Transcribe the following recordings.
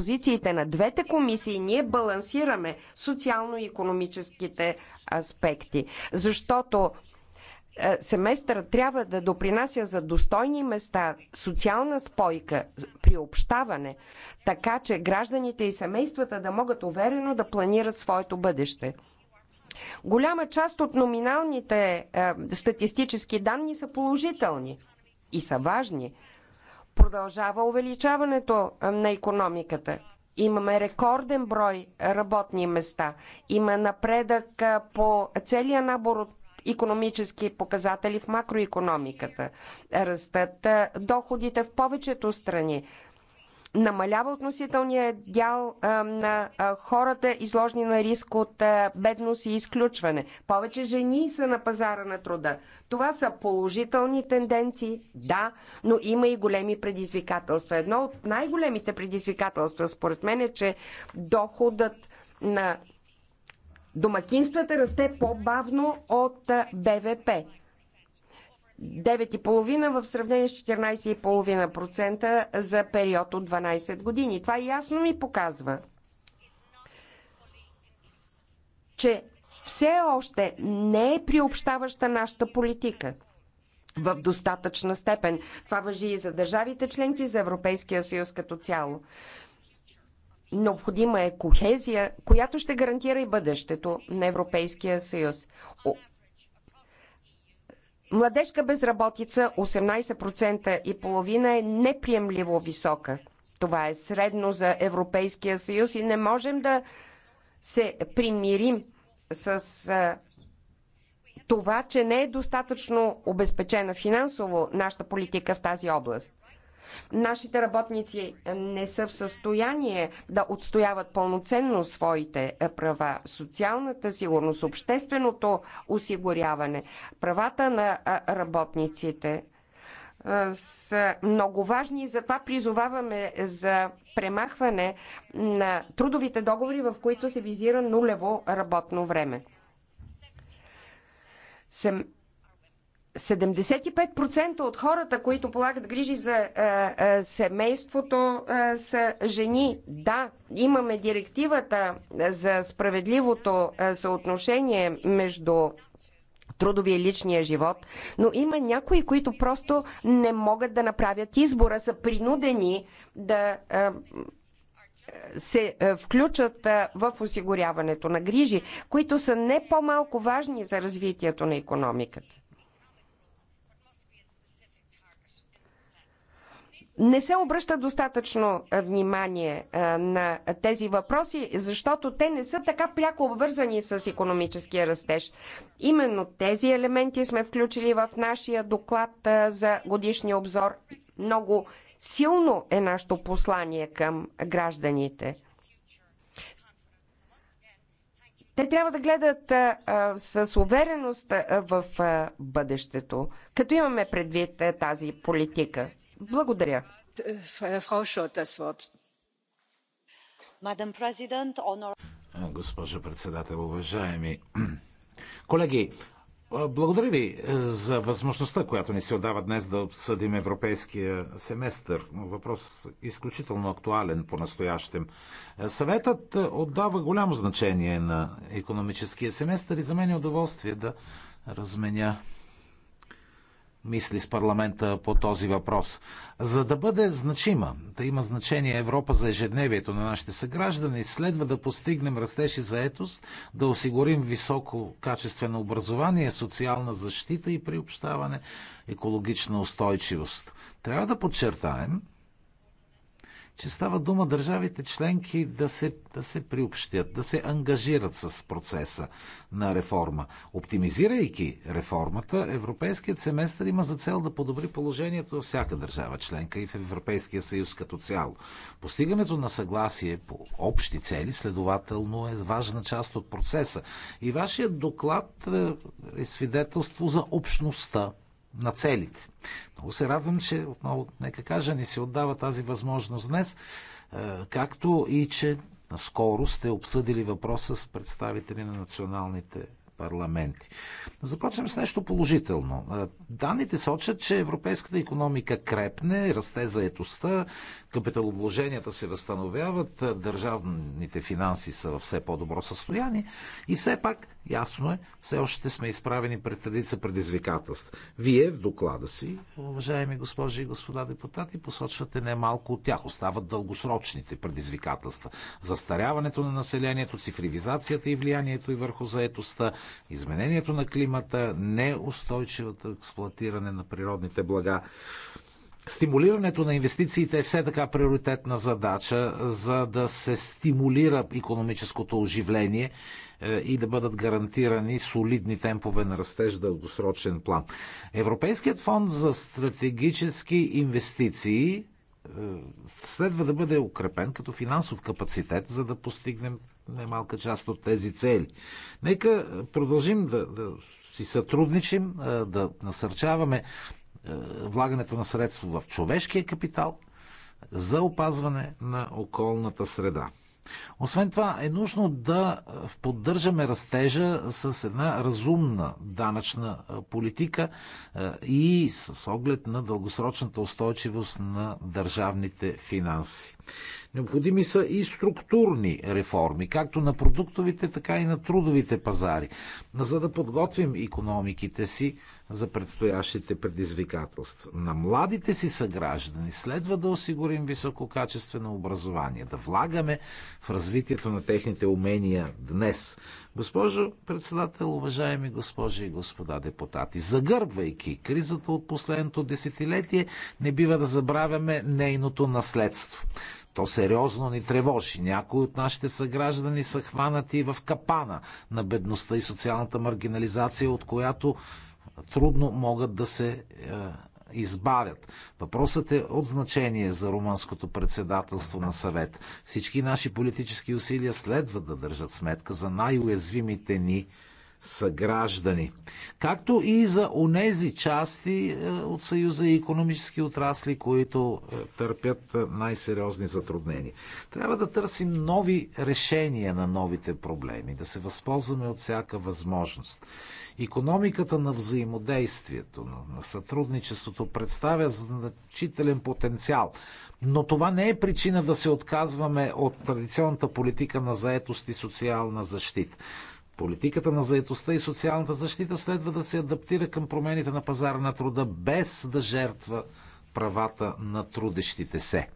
позициите на двете комисии ние балансираме социално-економическите аспекти. Защото е, семестър трябва да допринася за достойни места, социална спойка, приобщаване, така че гражданите и семействата да могат уверено да планират своето бъдеще. Голяма част от номиналните е, статистически данни са положителни и са важни – Продължава увеличаването на економиката. Имаме рекорден брой работни места. Има напредък по целия набор от економически показатели в макроекономиката. Растат доходите в повечето страни намалява относителния дял на хората, изложени на риск от бедност и изключване. Повече жени са на пазара на труда. Това са положителни тенденции, да, но има и големи предизвикателства. Едно от най-големите предизвикателства, според мен, е, че доходът на домакинствата расте по-бавно от БВП. 9,5% в сравнение с 14,5% за период от 12 години. Това ясно ми показва, че все още не е приобщаваща нашата политика в достатъчна степен. Това въжи и за държавите членки, за Европейския съюз като цяло. Необходима е кохезия, която ще гарантира и бъдещето на Европейския съюз. Младежка безработица 18% и половина е неприемливо висока. Това е средно за Европейския съюз и не можем да се примирим с това, че не е достатъчно обезпечена финансово нашата политика в тази област. Нашите работници не са в състояние да отстояват пълноценно своите е, права. Социалната сигурност, общественото осигуряване, правата на работниците е, са много важни и затова призоваваме за премахване на трудовите договори, в които се визира нулево работно време. 75% от хората, които полагат грижи за а, е, а, е, семейството, а, е, са жени. Да, имаме директивата за справедливото а, съотношение между трудовия и личния живот, но има някои, които просто не могат да направят избора, са принудени да а, се включат в осигуряването на грижи, които са не по-малко важни за развитието на економиката. не се обръща достатъчно внимание на тези въпроси, защото те не са така пряко обвързани с економическия растеж. Именно тези елементи сме включили в нашия доклад за годишния обзор. Много силно е нашето послание към гражданите. Те трябва да гледат а, с увереност а, в а, бъдещето, като имаме предвид а, тази политика. Благодаря. Госпожо председател, уважаеми колеги, благодаря ви за възможността, която ни се отдава днес да обсъдим европейския семестър. Въпрос изключително актуален по-настоящем. Съветът отдава голямо значение на економическия семестър и за мен е удоволствие да разменя мисли с парламента по този въпрос. За да бъде значима, да има значение Европа за ежедневието на нашите съграждани, следва да постигнем растеж и заетост, да осигурим високо качествено образование, социална защита и приобщаване, екологична устойчивост. Трябва да подчертаем, че става дума държавите членки да се, да се приобщят, да се ангажират с процеса на реформа. Оптимизирайки реформата, Европейският семестър има за цел да подобри положението във всяка държава членка и в Европейския съюз като цяло. Постигането на съгласие по общи цели, следователно, е важна част от процеса. И вашият доклад е, е свидетелство за общността на целите. Много се радвам, че отново, нека кажа, ни се отдава тази възможност днес, е, както и че наскоро сте обсъдили въпроса с представители на националните парламенти. Започнем с нещо положително. Е, данните сочат, че европейската економика крепне, расте заетостта, капиталовложенията се възстановяват, е, държавните финанси са в все по-добро състояние и все пак Ясно е, все още сме изправени пред редица предизвикателства. Вие в доклада си, уважаеми госпожи и господа депутати, посочвате немалко от тях. Остават дългосрочните предизвикателства. Застаряването на населението, цифривизацията и влиянието и върху заетостта, изменението на климата, неустойчивото експлуатиране на природните блага. Стимулирането на инвестициите е все така приоритетна задача, за да се стимулира економическото оживление е, и да бъдат гарантирани солидни темпове на растеж дългосрочен план. Европейският фонд за стратегически инвестиции е, следва да бъде укрепен като финансов капацитет, за да постигнем немалка част от тези цели. Нека продължим да, да си сътрудничим, е, да насърчаваме е, влагането на средство в човешкия капитал за опазване на околната среда. Освен това е нужно да поддържаме растежа с една разумна данъчна е, политика е, и с оглед на дългосрочната устойчивост на държавните финанси. Необходими са и структурни реформи, както на продуктовите, така и на трудовите пазари, за да подготвим економиките си за предстоящите предизвикателства. На младите си съграждани следва да осигурим висококачествено образование, да влагаме в развитието на техните умения днес. Госпожо председател, уважаеми госпожи и господа депутати, загърбвайки кризата от последното десетилетие, не бива да забравяме нейното наследство. То сериозно ни тревожи. Някои от нашите съграждани са хванати в капана на бедността и социалната маргинализация, от която трудно могат да се е, избавят. Въпросът е от значение за румънското председателство на съвет. Всички наши политически усилия следва да държат сметка за най-уязвимите ни съграждани. Както и за онези части е, от Съюза и економически отрасли, които е, търпят е, най-сериозни затруднения. Трябва да търсим нови решения на новите проблеми, да се възползваме от всяка възможност. Економиката на взаимодействието, на сътрудничеството представя значителен потенциал. Но това не е причина да се отказваме от традиционната политика на заетост и социална защита. Политиката на заетостта и социалната защита следва да се адаптира към промените на пазара на труда, без да жертва правата на трудещите се.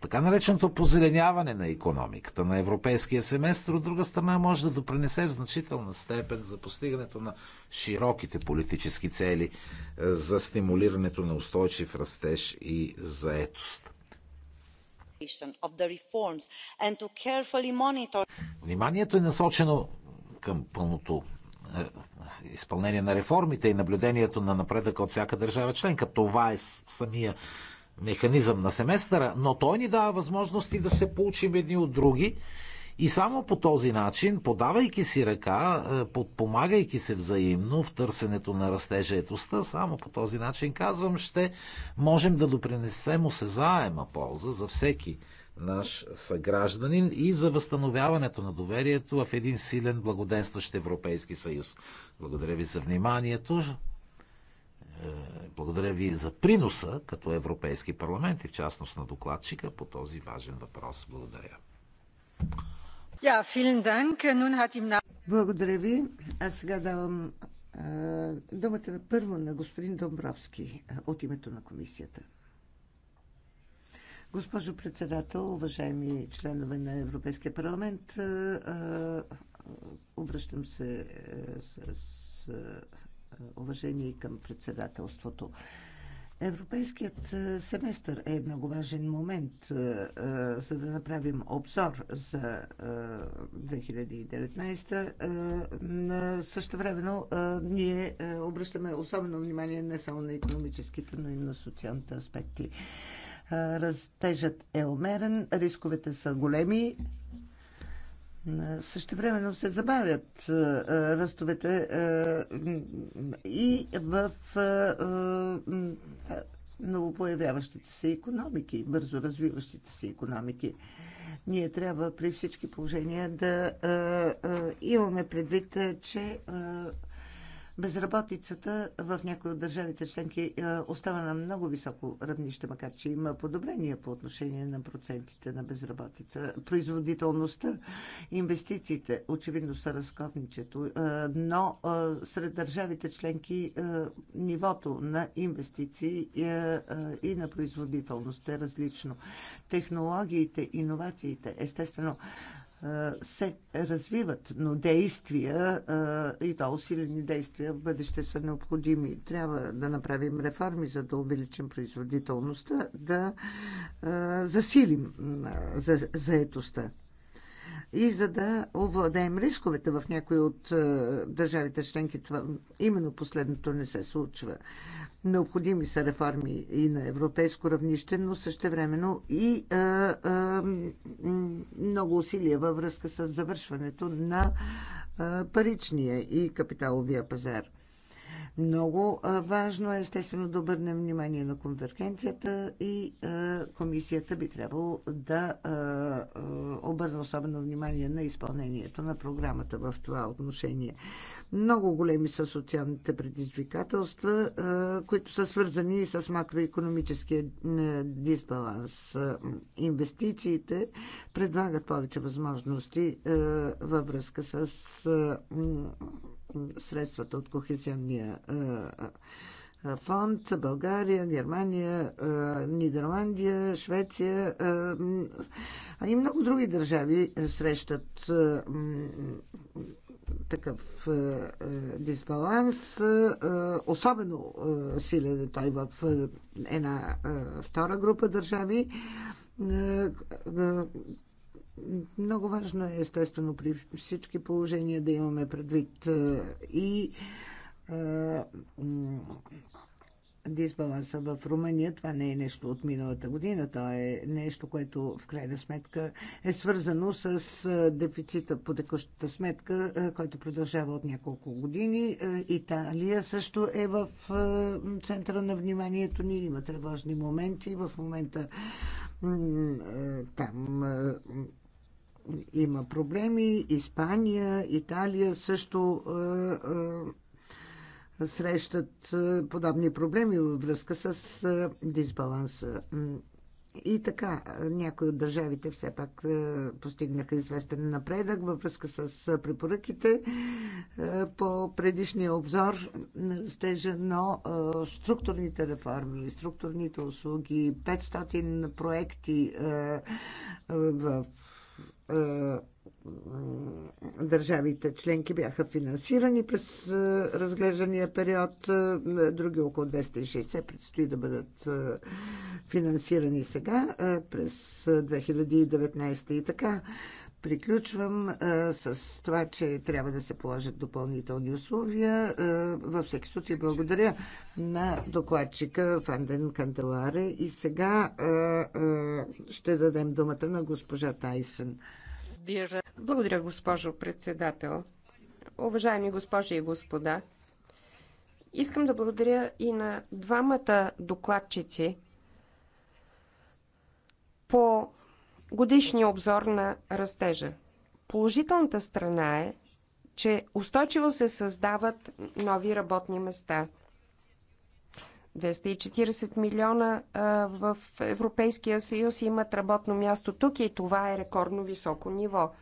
Така нареченото позеленяване на економиката на европейския семестр, от друга страна, може да допринесе в значителна степен за постигането на широките политически цели е, за стимулирането на устойчив растеж и заетост. Вниманието е насочено към пълното е, изпълнение на реформите и наблюдението на напредъка от всяка държава членка. Това е самия механизъм на семестъра, но той ни дава възможности да се получим едни от други и само по този начин, подавайки си ръка, е, подпомагайки се взаимно в търсенето на растежетостта, само по този начин, казвам, ще можем да допринесем осезаема полза за всеки наш съгражданин и за възстановяването на доверието в един силен, благоденстващ Европейски съюз. Благодаря ви за вниманието. Е, благодаря ви за приноса като Европейски парламент и в частност на докладчика по този важен въпрос. Благодаря. Благодаря ви. аз сега давам е, думата на първо на господин Домбровски е, от името на комисията. Госпожо председател, уважаеми членове на Европейския парламент, обръщам се с уважение към председателството. Европейският семестър е много важен момент, за да направим обзор за 2019. Също времено ние обръщаме особено внимание не само на економическите, но и на социалните аспекти. Растежът е умерен, рисковете са големи. Същевременно се забавят ръстовете и в новопоявяващите се економики, бързо развиващите се економики. Ние трябва при всички положения да имаме предвид, че Безработицата в някои от държавите членки е, остава на много високо равнище, макар че има подобрения по отношение на процентите на безработица. Производителността, инвестициите очевидно са разковничето, е, но е, сред държавите членки нивото на инвестиции и на производителност е различно. Технологиите, иновациите, естествено, се развиват, но действия и то усилени действия в бъдеще са необходими. Трябва да направим реформи, за да увеличим производителността, да засилим заетостта и за да овладеем рисковете в някои от е, държавите членки. Това, именно последното не се случва. Необходими са реформи и на европейско равнище, но същевременно и а, е, а, е, много усилия във връзка с завършването на а, паричния и капиталовия пазар. Много важно е, естествено, да обърнем внимание на конвергенцията и комисията би трябвало да обърне особено внимание на изпълнението на програмата в това отношение. Много големи са социалните предизвикателства, които са свързани и с макроекономическия дисбаланс. Инвестициите предлагат повече възможности във връзка с средствата от кохезионния фонд, България, Германия, Нидерландия, Швеция, а и много други държави срещат такъв дисбаланс. Особено силен е той в една втора група държави много важно е, естествено, при всички положения да имаме предвид е, и е, дисбаланса в Румъния. Това не е нещо от миналата година. То е нещо, което в крайна сметка е свързано с е, дефицита по текущата сметка, който продължава от няколко години. Италия също е в центъра на вниманието ни. Има тревожни моменти. В момента там има проблеми. Испания, Италия също срещат подобни проблеми във връзка с дисбаланса. И така, някои от държавите все пак постигнаха известен напредък във връзка с препоръките по предишния обзор на растежа, но структурните реформи, структурните услуги, 500 проекти в държавите членки бяха финансирани през разглеждания период, други около 260 предстои да бъдат финансирани сега през 2019 и така. Приключвам а, с това, че трябва да се положат допълнителни условия. А, във всеки случай благодаря на докладчика Фанден Кантеларе. И сега а, а, ще дадем думата на госпожа Тайсън. Благодаря, госпожо председател. Уважаеми госпожи и господа, искам да благодаря и на двамата докладчици по годишния обзор на растежа. Положителната страна е, че устойчиво се създават нови работни места. 240 милиона а, в Европейския съюз имат работно място тук и това е рекордно високо ниво.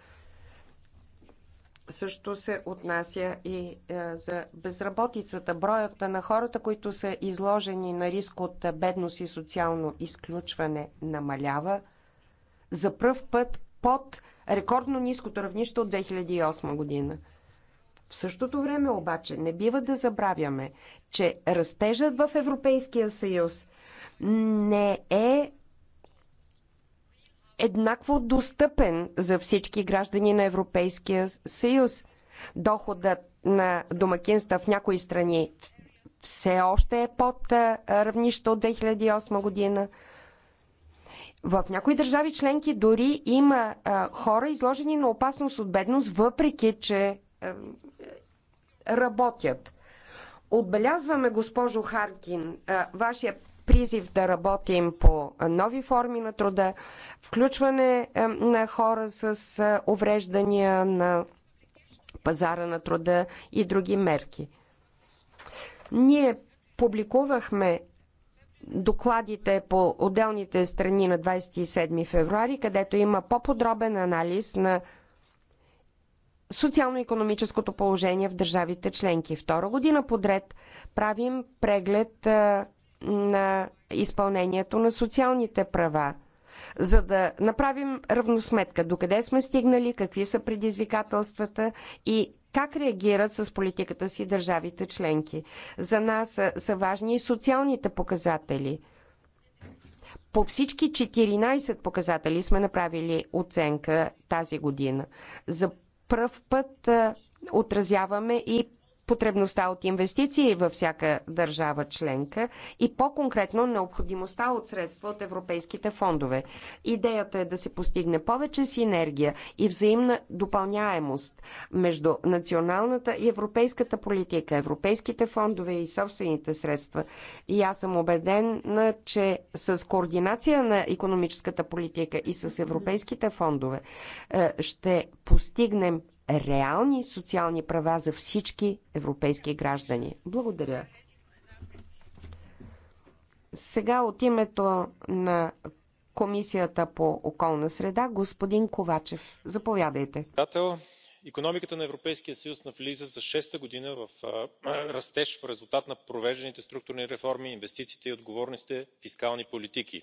Също се отнася и а, за безработицата. Броят на хората, които са изложени на риск от бедност и социално изключване, намалява за пръв път под рекордно ниското равнище от 2008 година. В същото време обаче не бива да забравяме, че растежът в Европейския съюз не е еднакво достъпен за всички граждани на Европейския съюз. Доходът на домакинства в някои страни все още е под равнище от 2008 година. В някои държави членки дори има а, хора изложени на опасност от бедност, въпреки че а, е, работят. Отбелязваме, госпожо Харкин, а, вашия призив да работим по нови форми на труда, включване а, на хора с а, увреждания на пазара на труда и други мерки. Ние публикувахме докладите по отделните страни на 27 февруари, където има по-подробен анализ на социално-економическото положение в държавите членки. Втора година подред правим преглед на изпълнението на социалните права, за да направим равносметка докъде сме стигнали, какви са предизвикателствата и как реагират с политиката си държавите членки. За нас са, важни и социалните показатели. По всички 14 показатели сме направили оценка тази година. За пръв път отразяваме и потребността от инвестиции във всяка държава членка и по-конкретно необходимостта от средства от европейските фондове. Идеята е да се постигне повече синергия и взаимна допълняемост между националната и европейската политика, европейските фондове и собствените средства. И аз съм убеден, че с координация на економическата политика и с европейските фондове е, ще постигнем реални социални права за всички европейски граждани. Благодаря. Сега от името на Комисията по околна среда, господин Ковачев. Заповядайте. економиката на Европейския съюз навлиза за шеста година в растеж в резултат на провежданите структурни реформи, инвестициите и отговорните фискални политики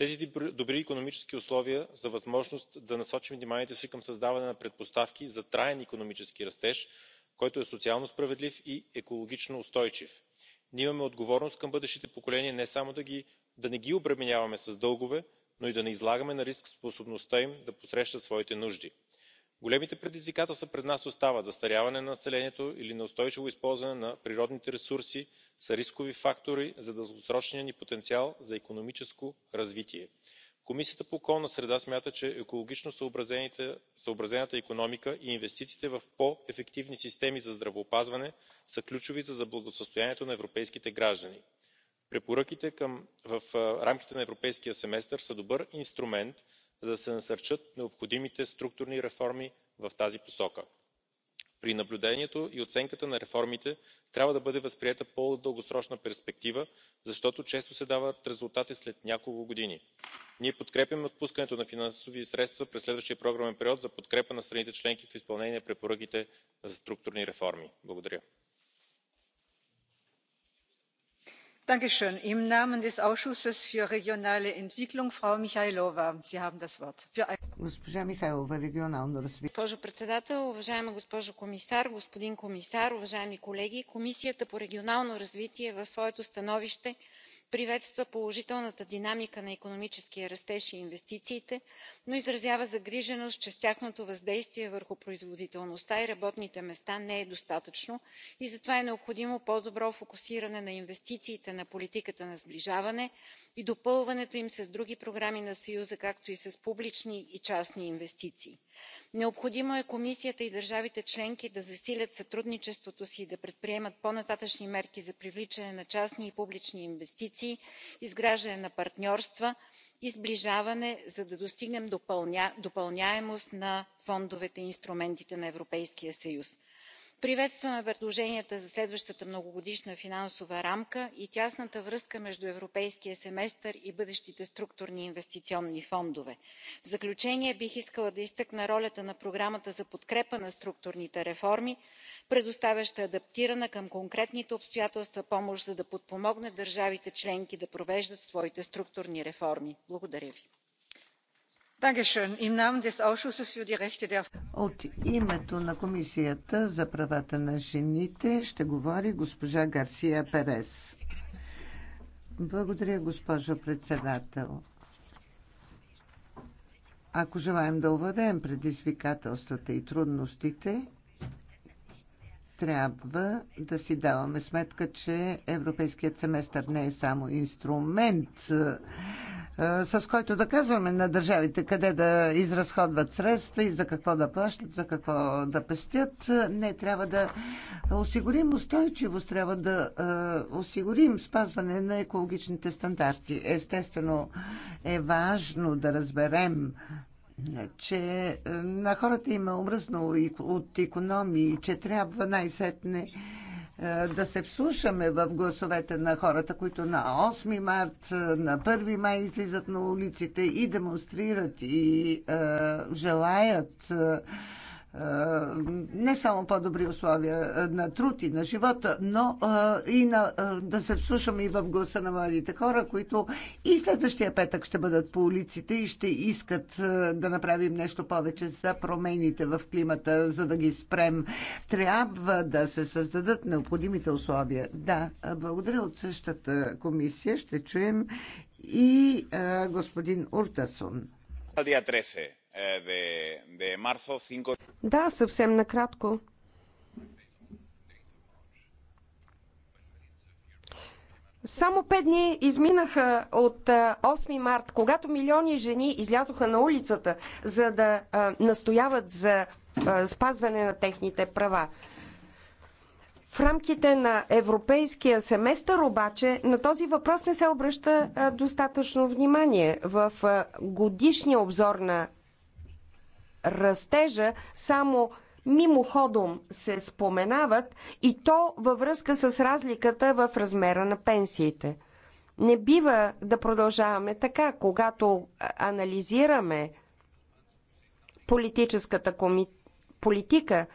тези добри икономически условия са възможност да насочим вниманието си към създаване на предпоставки за траен икономически растеж който е социално справедлив и екологично устойчив. ние имаме отговорност към бъдещите поколения не само да не ги обременяваме с дългове но и да не излагаме на риск способността им да посрещат своите нужди големите предизвикателства пред нас остават застаряване на населението или неустойчиво използване на природните ресурси са рискови фактори за дългосрочния ни потенциал за икономическо развитие. комисията по околна среда смята че екологично съобразената икономика и инвестициите в по ефективни системи за здравеопазване са ключови за благосъстоянието на европейските граждани. препоръките в рамките на европейския семестър са добър инструмент за да се насърчат необходимите структурни реформи в тази посока. при наблюдението и оценката на реформите трябва да бъде възприета по дългосрочна перспектива защото често се дават резултати след няколко години. ние подкрепяме отпускането на финансови средства през следващия програмен период за подкрепа на страните членки в изпълнение на препоръките за структурни реформи. благодаря. im namen des ausschusses für regionale entwicklung госпожо председател уважаема госпожо комисар господин комисар уважаеми колеги комисията по регионално развитие в своето становище приветства положителната динамика на икономическия растеж и инвестициите но изразява загриженост че тяхното въздействие върху производителността и работните места не е достатъчно и затова е необходимо по добро фокусиране на инвестициите на политиката на сближаване и допълването им с други програми на съюза както и с публични и частни инвестиции. необходимо е комисията и държавите членки да засилят сътрудничеството си и да предприемат по нататъшни мерки за привличане на частни и публични инвестиции изграждане на партньорства и сближаване за да достигнем допълняемост на фондовете и инструментите на европейския съюз приветстваме предложенията за следващата многогодишна финансова рамка и тясната връзка между европейския семестър и бъдещите структурни и инвестиционни фондове. в заключение бих искала да изтъкна ролята на програмата за подкрепа на структурните реформи предоставяща адаптирана към конкретните обстоятелства помощ за да подпомогне държавите членки да провеждат своите структурни реформи. благодаря ви. От името на Комисията за правата на жените ще говори госпожа Гарсия Перес. Благодаря, госпожо председател. Ако желаем да уведем предизвикателствата и трудностите, трябва да си даваме сметка, че европейският семестър не е само инструмент с който да казваме на държавите къде да изразходват средства и за какво да плащат, за какво да пестят. Не, трябва да осигурим устойчивост, трябва да осигурим спазване на екологичните стандарти. Естествено е важно да разберем че на хората има е от економии, че трябва най-сетне е, да се вслушаме в гласовете на хората, които на 8 март, е, на 1 май излизат на улиците и демонстрират и е, желаят е, не само по-добри условия е, на труд и на живота, но е, и на, да се вслушаме и в гласа на младите хора, които и следващия петък ще бъдат по улиците и ще искат да направим нещо повече за промените в климата, за да ги спрем. Трябва да се създадат необходимите условия. Да, благодаря от същата комисия. Ще чуем и господин Уртасон. 13 да, eh, съвсем накратко. Само пет дни изминаха от 8 март, когато милиони жени излязоха на улицата, за да настояват за спазване на техните права. В рамките на европейския семестър обаче на този въпрос не се обръща достатъчно внимание. В годишния обзор на растежа само мимоходом се споменават и то във връзка с разликата в размера на пенсиите. Не бива да продължаваме така, когато анализираме политическата коми... политика,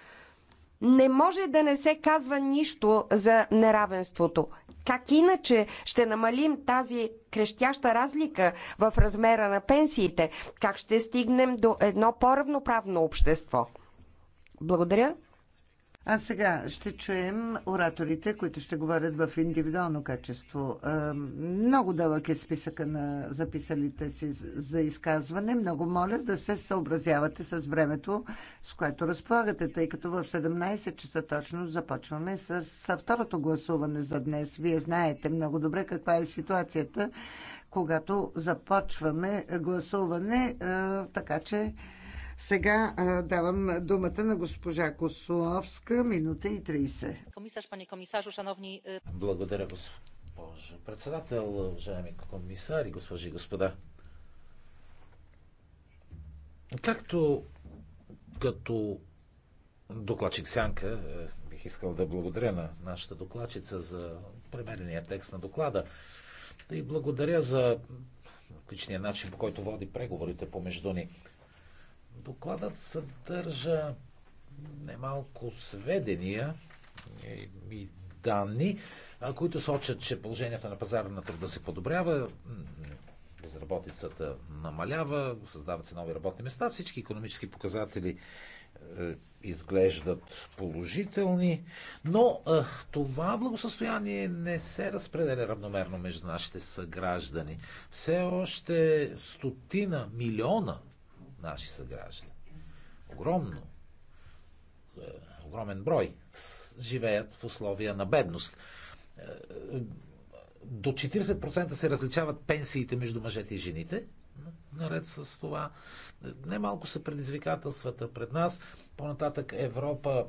не може да не се казва нищо за неравенството. Как иначе ще намалим тази крещяща разлика в размера на пенсиите? Как ще стигнем до едно по-равноправно общество? Благодаря. А сега ще чуем ораторите, които ще говорят в индивидуално качество. Много дълъг е списъка на записалите си за изказване. Много моля да се съобразявате с времето, с което разполагате, тъй като в 17 часа точно започваме с, с второто гласуване за днес. Вие знаете много добре каква е ситуацията, когато започваме гласуване, така че сега давам думата на госпожа Косуловска, минута и 30. Комисаж, пани комисар, шановни... Е, благодаря, госпожа председател, уважаеми комисари, госпожи и господа. Както като докладчик Сянка, е, бих искал да благодаря на нашата докладчица за премерения текст на доклада. Да и благодаря за отличния начин, по който води преговорите помежду ни. Докладът съдържа немалко сведения и данни, които сочат, че положението на пазара на труда се подобрява, безработицата намалява, създават се нови работни места, всички економически показатели е, изглеждат положителни, но е, това благосъстояние не се разпределя равномерно между нашите съграждани. Все още стотина милиона наши съграждани. Огромно, е, огромен брой живеят в условия на бедност. Е, до 40% се различават пенсиите между мъжете и жените. Наред с това, е, немалко са предизвикателствата пред нас. По-нататък Европа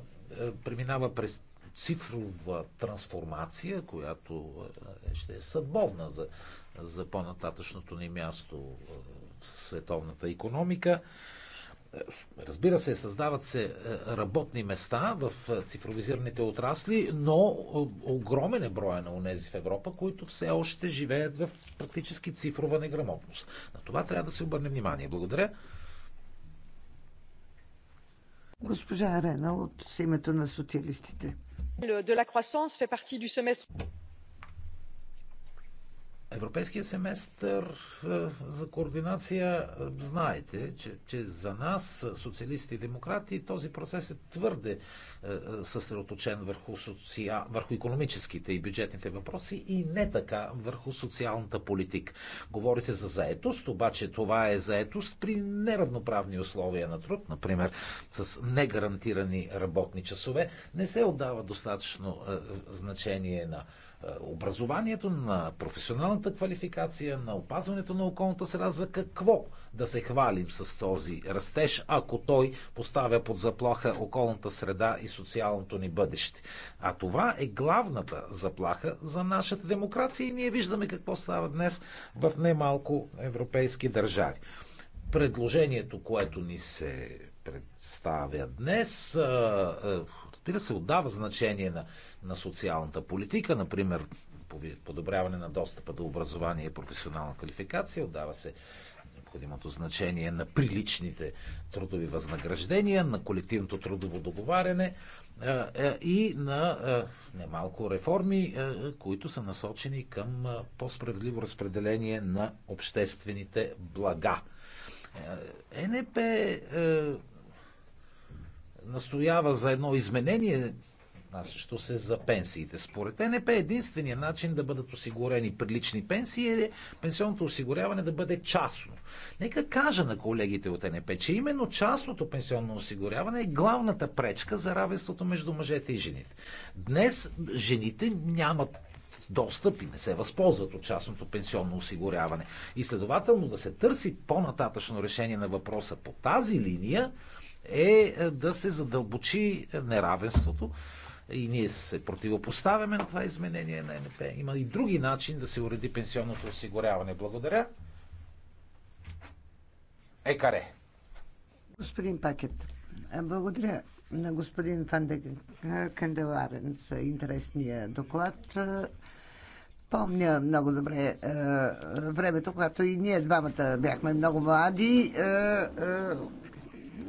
преминава през цифрова трансформация, която ще е съдбовна за, за по-нататъчното ни място световната економика. Разбира се, създават се е, работни места в е, цифровизираните отрасли, но е, огромен е броя на унези в Европа, които все още живеят в практически цифрова неграмотност. На това трябва да се обърне внимание. Благодаря. Госпожа Арена от името на социалистите. De la croissance fait partie du semestre. Европейския семестър е, за координация, е, знаете, че, че за нас, социалисти и демократи, този процес е твърде е, съсредоточен върху, социал... върху економическите и бюджетните въпроси и не така върху социалната политика. Говори се за заетост, обаче това е заетост при неравноправни условия на труд, например с негарантирани работни часове. Не се отдава достатъчно значение на е, образованието, на професионалната квалификация, на опазването на околната среда. За какво да се хвалим с този растеж, ако той поставя под заплаха околната среда и социалното ни бъдеще? А това е главната заплаха за нашата демокрация и ние виждаме какво става днес в немалко европейски държави. Предложението, което ни се представя днес, е, е, и да се отдава значение на, на социалната политика, например подобряване на достъпа до образование и професионална квалификация, отдава се необходимото значение на приличните трудови възнаграждения, на колективното трудово договаряне е, е, и на е, немалко реформи, които са насочени към по-справедливо разпределение на обществените блага. НП настоява за едно изменение, също се за пенсиите. Според НП единствения начин да бъдат осигурени прилични пенсии е пенсионното осигуряване да бъде частно. Нека кажа на колегите от НП, че именно частното пенсионно осигуряване е главната пречка за равенството между мъжете и жените. Днес жените нямат достъп и не се възползват от частното пенсионно осигуряване. И следователно да се търси по-нататъчно решение на въпроса по тази линия е, е да се задълбочи неравенството. И ние се противопоставяме на това изменение на НП. Има и други начин да се уреди пенсионното осигуряване. Благодаря. Екаре. Господин Пакет, благодаря на господин Фандек Канделарен за интересния доклад. Помня много добре е, е, времето, когато и ние двамата бяхме много млади. Е, е,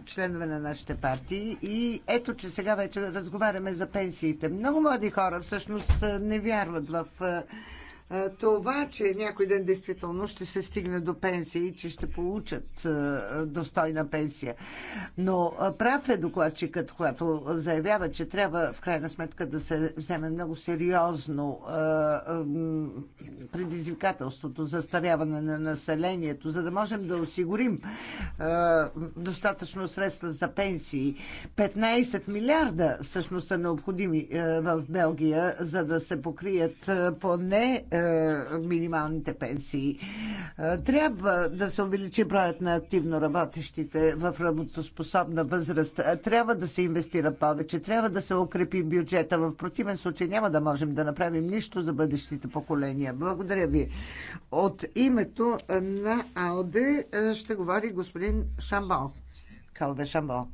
членове на нашите партии и ето, че сега вече разговаряме за пенсиите. Много млади хора всъщност не вярват в това, че някой ден действително ще се стигне до пенсия и че ще получат достойна пенсия. Но прав е докладчикът, когато заявява, че трябва в крайна сметка да се вземе много сериозно предизвикателството за старяване на населението, за да можем да осигурим достатъчно средства за пенсии. 15 милиарда всъщност са необходими в Белгия, за да се покрият поне е, минималните пенсии. Е, трябва да се увеличи броят на активно работещите в работоспособна възраст. Е, трябва да се инвестира повече. Трябва да се укрепи бюджета. В противен случай няма да можем да направим нищо за бъдещите поколения. Благодаря ви. От името на АОДЕ ще говори господин Шамбал. Калве Шамбал.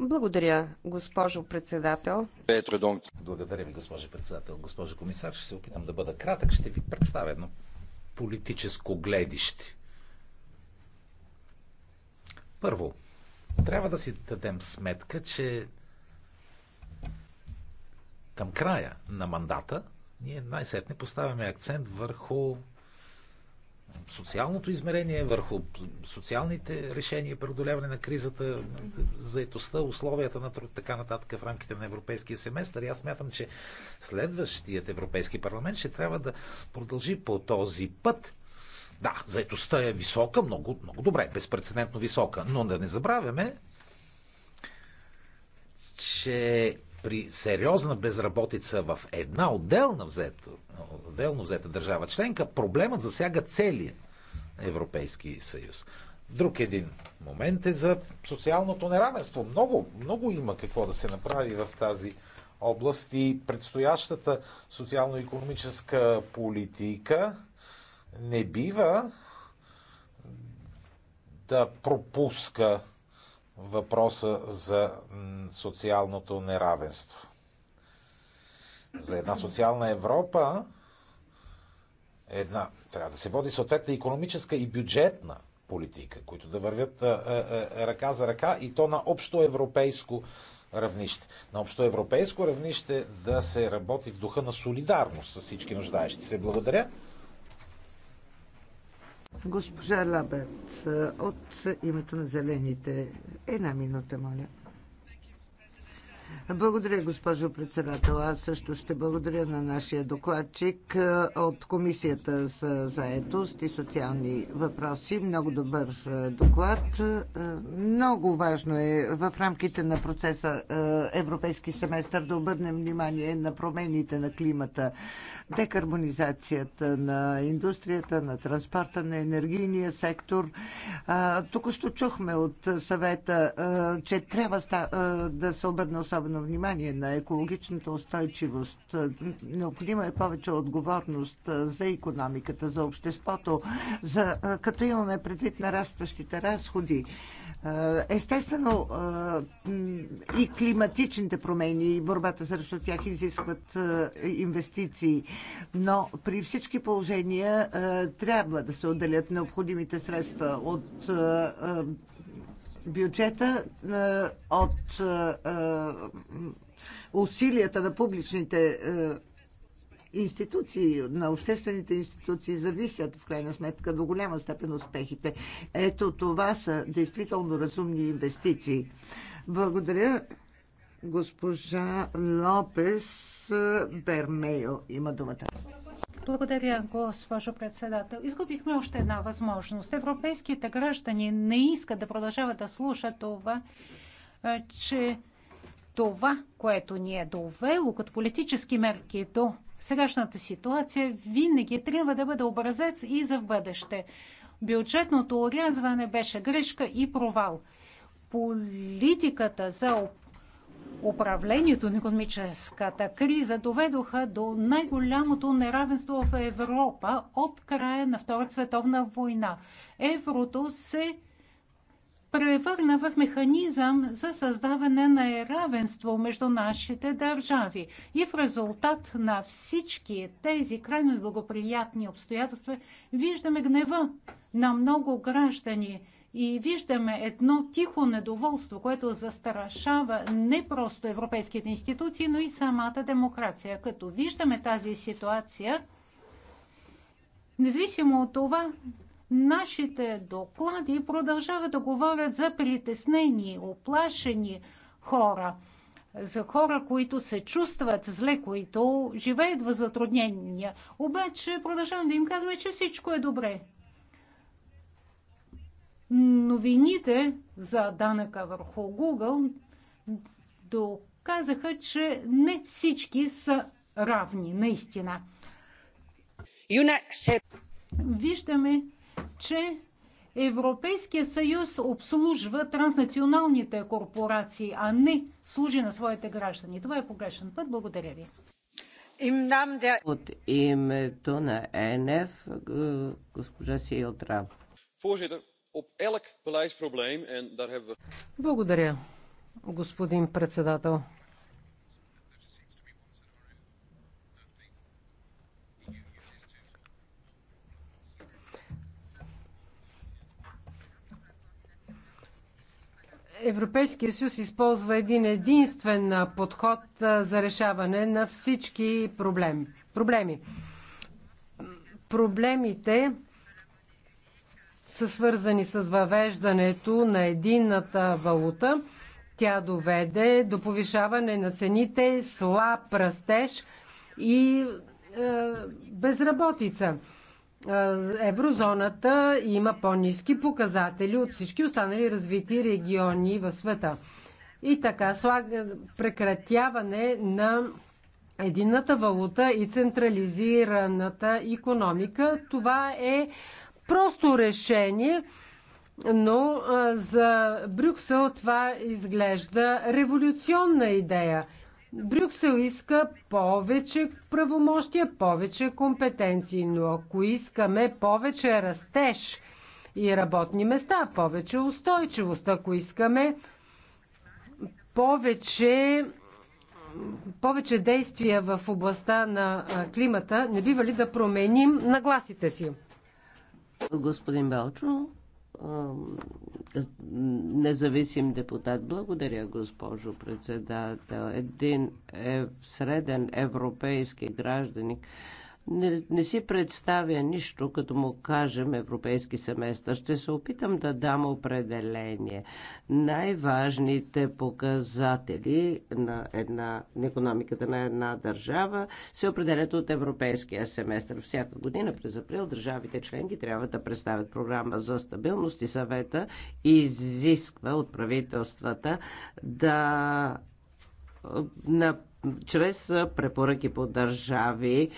Благодаря, госпожо председател. Благодарим, госпожо председател. Госпожо комисар, ще се опитам да бъда кратък. Ще ви представя едно политическо гледище. Първо, трябва да си дадем сметка, че към края на мандата ние най-сетне поставяме акцент върху социалното измерение, върху социалните решения, преодоляване на кризата, заетостта, условията на труд, така нататък в рамките на европейския семестър. И аз смятам, че следващият Европейски парламент ще трябва да продължи по този път. Да, заетостта е висока, много, много добре, безпредседентно висока, но да не забравяме, че при сериозна безработица в една отделна взето отделно взета държава членка, проблемът засяга цели Европейски съюз. Друг един момент е за социалното неравенство. Много, много има какво да се направи в тази област и предстоящата социално-економическа политика не бива да пропуска въпроса за социалното неравенство. За една социална Европа една, трябва да се води съответна економическа и бюджетна политика, които да вървят а, а, ръка за ръка и то на общо европейско равнище. На общо европейско равнище да се работи в духа на солидарност с всички нуждаещи се. Благодаря. Госпожа Лаберт, от името на Зелените, една минута, моля. Благодаря, госпожо председател. Аз също ще благодаря на нашия докладчик е, от Комисията за заетост и социални въпроси. Много добър е, доклад. Е, много важно е в рамките на процеса Европейски семестър да обърнем внимание на промените на климата, декарбонизацията на индустрията, на транспорта, на енергийния сектор. Тук ще чухме от съвета, че трябва да се обърне особено особено внимание на екологичната устойчивост. Необходима е повече отговорност за економиката, за обществото, за, като имаме предвид нарастващите разходи. Естествено, и климатичните промени и борбата срещу тях изискват инвестиции, но при всички положения трябва да се отделят необходимите средства от бюджета е, от е, е, усилията на публичните институции, на обществените институции зависят в крайна сметка до голяма степен успехите. Ето това са действително разумни инвестиции. Благодаря. Госпожа Лопес Бермейо има думата. Благодаря, госпожо председател. Изгубихме още една възможност. Европейските граждани не искат да продължават да слушат това, че това, което ни е довело като политически мерки до сегашната ситуация, винаги трябва да бъде образец и за в бъдеще. Бюджетното урязване беше грешка и провал. Политиката за управлението на економическата криза доведоха до най-голямото неравенство в Европа от края на Втората световна война. Еврото се превърна в механизъм за създаване на равенство между нашите държави. И в резултат на всички тези крайно благоприятни обстоятелства виждаме гнева на много граждани – и виждаме едно тихо недоволство, което застрашава не просто европейските институции, но и самата демокрация. Като виждаме тази ситуация, независимо от това, нашите доклади продължават да говорят за притеснени, оплашени хора, за хора, които се чувстват зле, които живеят в затруднения. Обаче продължавам да им казваме, че всичко е добре новините за данъка върху Google доказаха, че не всички са равни, наистина. Виждаме, че Европейския съюз обслужва транснационалните корпорации, а не служи на своите граждани. Това е погрешен път. Благодаря ви. От името на НФ госпожа Сиотра. Благодаря, господин председател. Европейския съюз използва един единствен подход за решаване на всички проблеми. Проблемите са свързани с въвеждането на единната валута. Тя доведе до повишаване на цените, слаб растеж и е, безработица. Е, еврозоната има по-низки показатели от всички останали развити региони в света. И така, слага прекратяване на единната валута и централизираната економика. Това е просто решение, но за Брюксел това изглежда революционна идея. Брюксел иска повече правомощия, повече компетенции, но ако искаме повече растеж и работни места, повече устойчивост, ако искаме повече, повече действия в областта на климата, не бива ли да променим нагласите си? Господин Белчо, независим депутат. Благодаря, госпожо председател. Един е среден европейски гражданин не, не си представя нищо, като му кажем европейски семестър. Ще се опитам да дам определение. Най-важните показатели на, една, на економиката на една държава се определят от европейския семестър. Всяка година през април държавите членки трябва да представят програма за стабилност и съвета и изисква от правителствата да на чрез препоръки по държави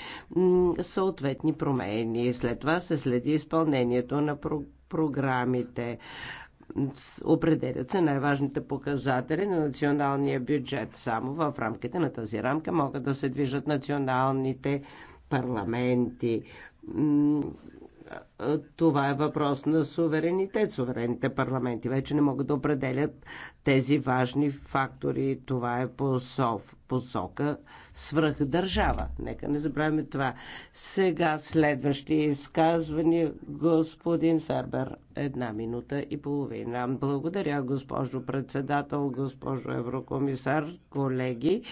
съответни промени. След това се следи изпълнението на про- програмите определят се най-важните показатели на националния бюджет. Само в рамките на тази рамка могат да се движат националните парламенти това е въпрос на суверенитет. Суверените парламенти вече не могат да определят тези важни фактори. Това е посов, посока свръхдържава. Нека не забравяме това. Сега следващи изказвания. Господин Фербер, една минута и половина. Благодаря, госпожо председател, госпожо еврокомисар, колеги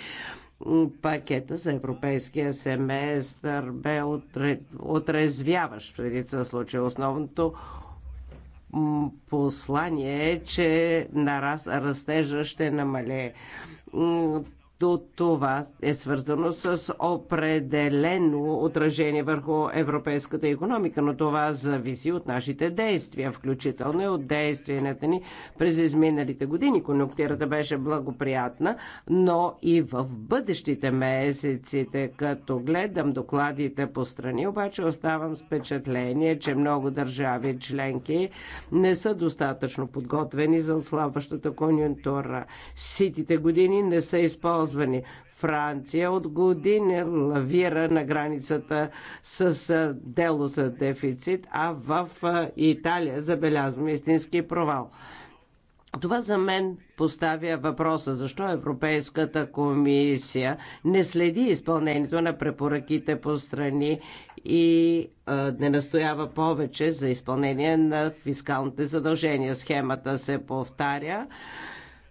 пакета за европейския семестър бе отрезвяващ в редица случаи. Основното послание е, че нараз, растежа ще намалее то това е свързано с определено отражение върху европейската економика, но това зависи от нашите действия, включително и от действията ни през изминалите години. Конюнктурата беше благоприятна, но и в бъдещите месеците, като гледам докладите по страни, обаче оставам с впечатление, че много държави членки не са достатъчно подготвени за ослабващата конюнктура. Ситите години не са използвани използвани. Франция от години лавира на границата с дело за дефицит, а в Италия забелязваме истински провал. Това за мен поставя въпроса защо Европейската комисия не следи изпълнението на препоръките по страни и а, не настоява повече за изпълнение на фискалните задължения. Схемата се повтаря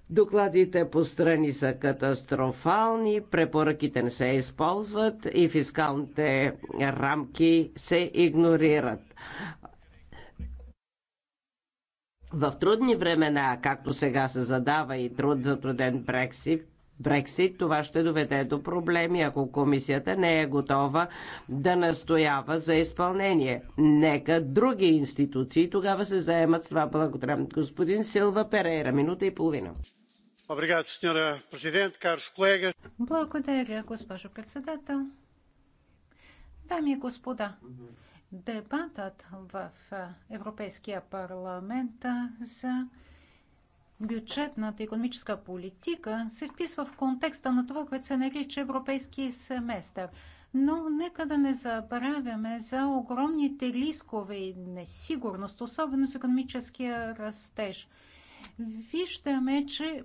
Докладите по страни са катастрофални, препоръките не се използват и фискалните рамки се игнорират. В трудни времена, както сега се задава и труд за труден Брексит, Брексит, това ще доведе до проблеми, ако комисията не е готова да настоява за изпълнение. Нека други институции тогава се заемат с това. Благодаря. Господин Силва Перейра, минута и половина. Благодаря, госпожо председател. Дами и господа, дебатът в Европейския парламент за бюджетната економическа политика се вписва в контекста на това, което се нарича европейски семестър. Но нека да не забравяме за огромните рискове и несигурност, особено с економическия растеж. Виждаме, че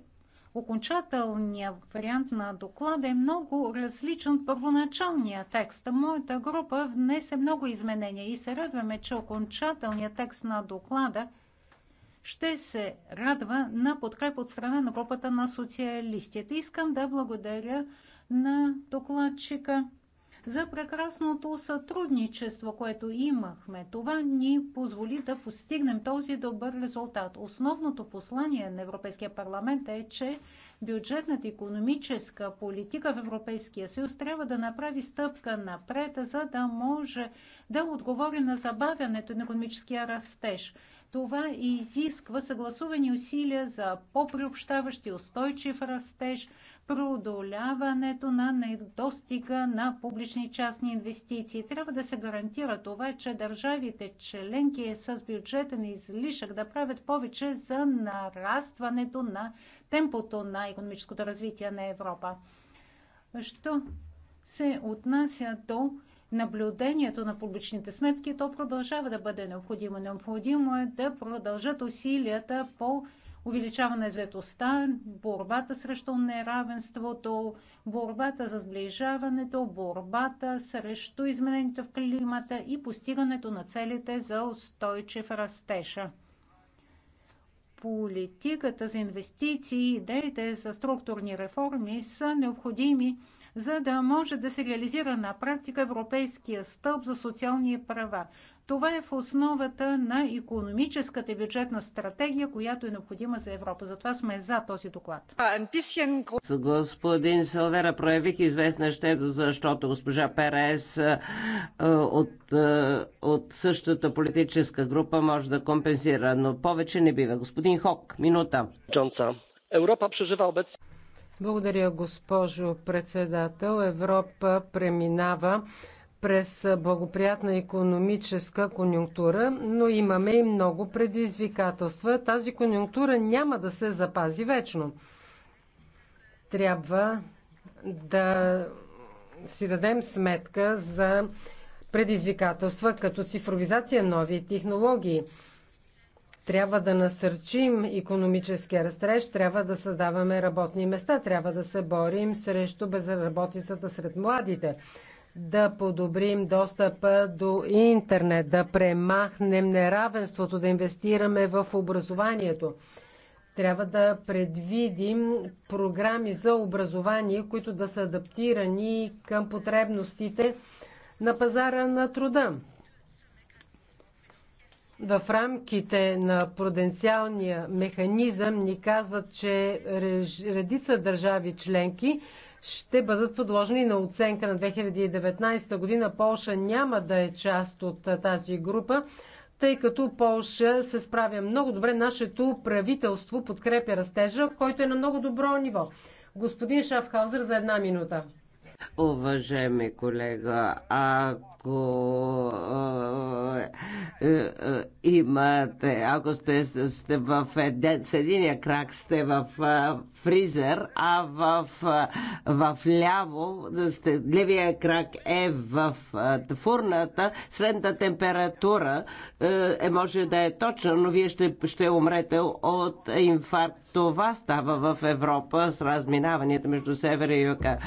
окончателният вариант на доклада е много различен от първоначалния текст. Моята група внесе много изменения и се радваме, че окончателният текст на доклада ще се радва на подкреп от страна на групата на социалистите. Искам да благодаря на докладчика за прекрасното сътрудничество, което имахме. Това ни позволи да постигнем този добър резултат. Основното послание на Европейския парламент е, че бюджетната економическа политика в Европейския съюз трябва да направи стъпка напред, за да може да отговори на забавянето на економическия растеж. Това изисква съгласувани усилия за по-приобщаващ и устойчив растеж, продоляването на недостига на публични частни инвестиции. Трябва да се гарантира това, че държавите членки с бюджетен излишък да правят повече за нарастването на темпото на економическото развитие на Европа. Що се отнася до наблюдението на публичните сметки, то продължава да бъде необходимо. Необходимо е да продължат усилията по увеличаване заедостта, борбата срещу неравенството, борбата за сближаването, борбата срещу изменението в климата и постигането на целите за устойчив растеж. Политиката за инвестиции и идеите за структурни реформи са необходими за да може да се реализира на практика Европейския стълб за социални права. Това е в основата на економическата и бюджетна стратегия, която е необходима за Европа. Затова сме за този доклад. С господин Силвера проявих известна щедо, защото госпожа Перес е, е, от, е, от същата политическа група може да компенсира, но повече не бива. Господин Хок, минута. Джонса. Европа преживява обец... Благодаря, госпожо председател. Европа преминава през благоприятна економическа конюнктура, но имаме и много предизвикателства. Тази конюнктура няма да се запази вечно. Трябва да си дадем сметка за предизвикателства като цифровизация, нови технологии, трябва да насърчим економическия разтреж, трябва да създаваме работни места, трябва да се борим срещу безработицата сред младите, да подобрим достъпа до интернет, да премахнем неравенството, да инвестираме в образованието. Трябва да предвидим програми за образование, които да са адаптирани към потребностите на пазара на труда в рамките на пруденциалния механизъм ни казват, че редица държави членки ще бъдат подложени на оценка на 2019 година. Полша няма да е част от тази група, тъй като Полша се справя много добре. Нашето правителство подкрепя растежа, който е на много добро ниво. Господин Шафхаузер за една минута. Уважаеми колега, а ако е, е, имате, ако сте, сте в един, с единия крак сте в е, фризер, а в, в ляво, сте, левия крак е в фурната, средната температура е, може да е точна, но вие ще, ще умрете от инфаркт. Това става в Европа с разминаванията между север и юга.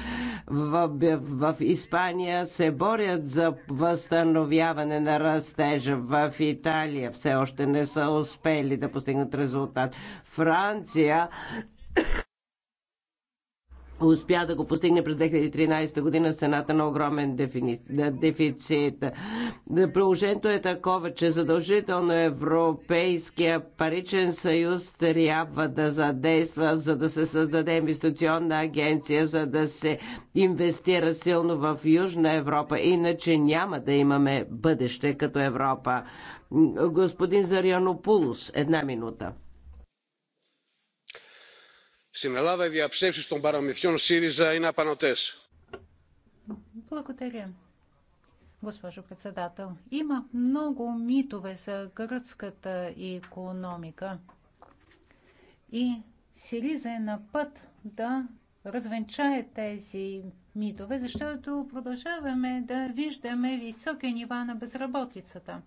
В, в, в Испания се борят за възстановяване на растежа в Италия. Все още не са успели да постигнат резултат. Франция успя да го постигне през 2013 година цената на огромен дефицит. Приложението е такова, че задължително Европейския паричен съюз трябва да задейства, за да се създаде инвестиционна агенция, за да се инвестира силно в Южна Европа. Иначе няма да имаме бъдеще като Европа. Господин Зарянопулус, една минута. Στην Ελλάδα οι διαψεύσεις των παραμυθιών ΣΥΡΙΖΑ είναι απανοτές. Благодаря, госпожо председател. Има много митове за гръцката економика. И СИРИЗА е на път да развенчае тези митове, защото продължаваме да виждаме високи нива на безработицата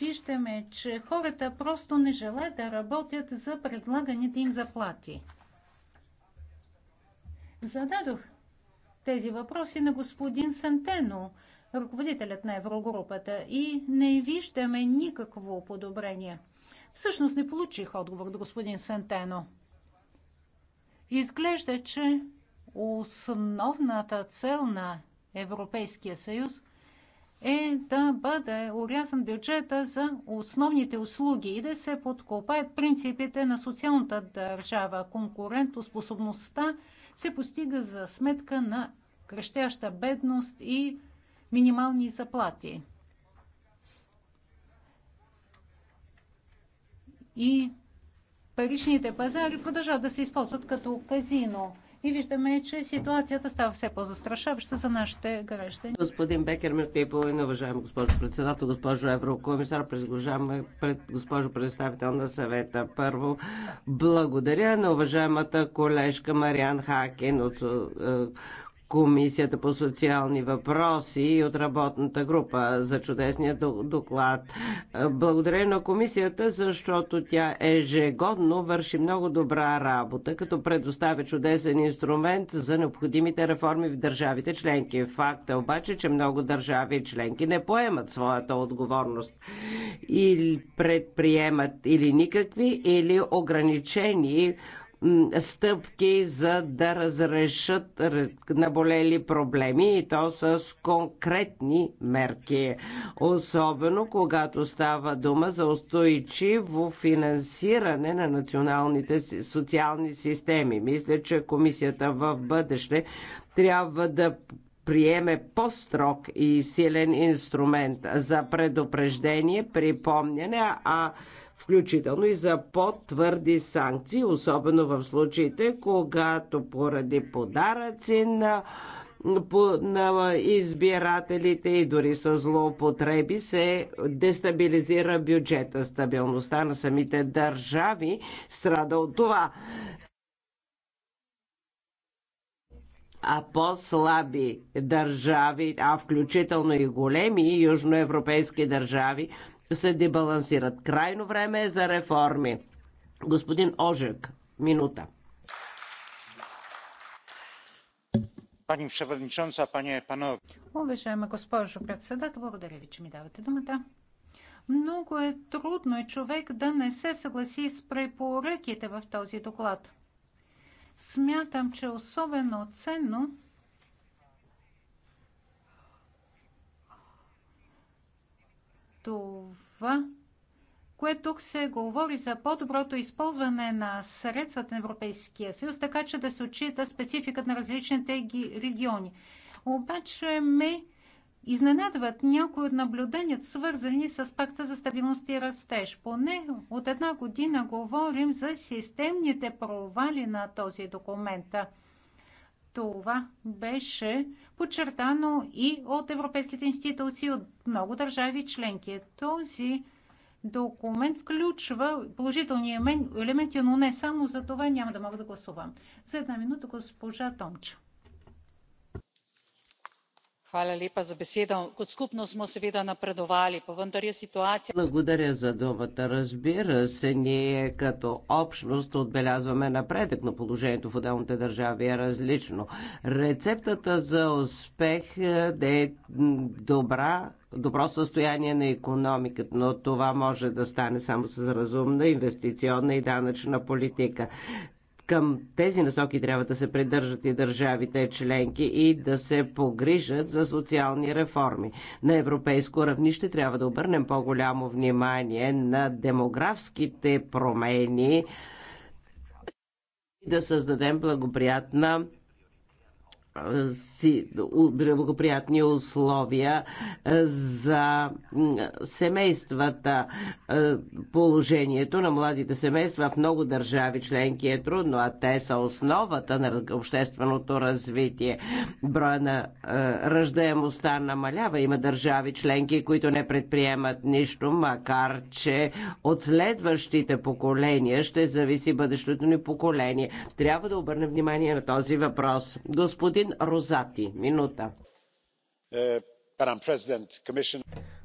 виждаме, че хората просто не желаят да работят за предлаганите им заплати. Зададох тези въпроси на господин Сантено, ръководителят на Еврогрупата, и не виждаме никакво подобрение. Всъщност не получих отговор до господин Сантено. Изглежда, че основната цел на Европейския съюз – е да бъде урязан бюджета за основните услуги и да се подкопаят принципите на социалната държава. Конкурентоспособността се постига за сметка на кръщяща бедност и минимални заплати. И паричните пазари продължават да се използват като казино и виждаме, че ситуацията става все по-застрашаваща за нашите граждани. Господин Бекер, минута и половина, уважаема госпожо председател, госпожо еврокомисар, предложаваме пред госпожо представител на съвета. Първо, благодаря на уважаемата колежка Мариан Хакен от е, Комисията по социални въпроси и от работната група за чудесния доклад. Благодаря на комисията, защото тя ежегодно върши много добра работа, като предоставя чудесен инструмент за необходимите реформи в държавите членки. Факт е обаче, че много държави членки не поемат своята отговорност или предприемат или никакви, или ограничени стъпки, за да разрешат наболели проблеми и то с конкретни мерки. Особено когато става дума за устойчиво финансиране на националните социални системи. Мисля, че комисията в бъдеще трябва да приеме по-строг и силен инструмент за предупреждение, припомняне, а включително и за по-твърди санкции, особено в случаите, когато поради подаръци на на избирателите и дори с злоупотреби се дестабилизира бюджета. Стабилността на самите държави страда от това. а по-слаби държави, а включително и големи южноевропейски държави, се дебалансират. Крайно време е за реформи. Господин Ожек, минута. Пани Шевърничонца, Panie панов. Уважаема госпожо председател, благодаря ви, че ми давате думата. Много е трудно и е човек да не се съгласи с препоръките в този доклад. Смятам, че е особено ценно Това, което тук се говори за по-доброто използване на средствата на Европейския съюз, така че да се отчита спецификата на различните региони. Обаче ме изненадват някои от наблюденията, свързани с пакта за стабилност и растеж. Поне от една година говорим за системните провали на този документ. Това беше подчертано и от европейските институции, от много държави членки. Този документ включва положителни елементи, но не само за това няма да мога да гласувам. За една минута госпожа Томча. Благодаря за думата. Разбира се, ние като общност отбелязваме напредък, но положението в отделните държави е различно. Рецептата за успех е, е добра добро състояние на економиката, но това може да стане само с разумна инвестиционна и данъчна политика. Към тези насоки трябва да се придържат и държавите членки и да се погрижат за социални реформи. На европейско равнище трябва да обърнем по-голямо внимание на демографските промени и да създадем благоприятна си благоприятни условия е, за семействата. Е, положението на младите семейства в много държави членки е трудно, а те са основата на общественото развитие. Броя на е, ръждаемостта намалява. Има държави членки, които не предприемат нищо, макар че от следващите поколения ще зависи бъдещето ни поколение. Трябва да обърнем внимание на този въпрос. Господин Господин Розати, минута. Е,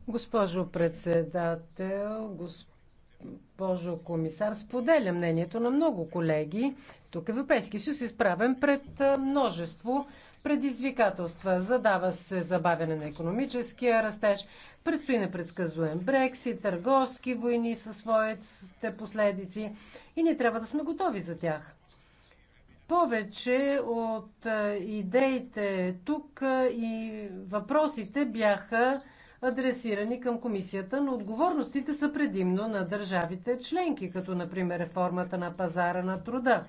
госпожо председател, госпожо комисар, споделя мнението на много колеги. Тук Европейски съюз е изправен пред е, множество предизвикателства. Задава се забавяне на економическия растеж, предстои непредсказуем Брексит, търговски войни със своите последици и ние трябва да сме готови за тях. Повече от идеите тук и въпросите бяха адресирани към комисията, но отговорностите са предимно на държавите членки, като например реформата на пазара на труда.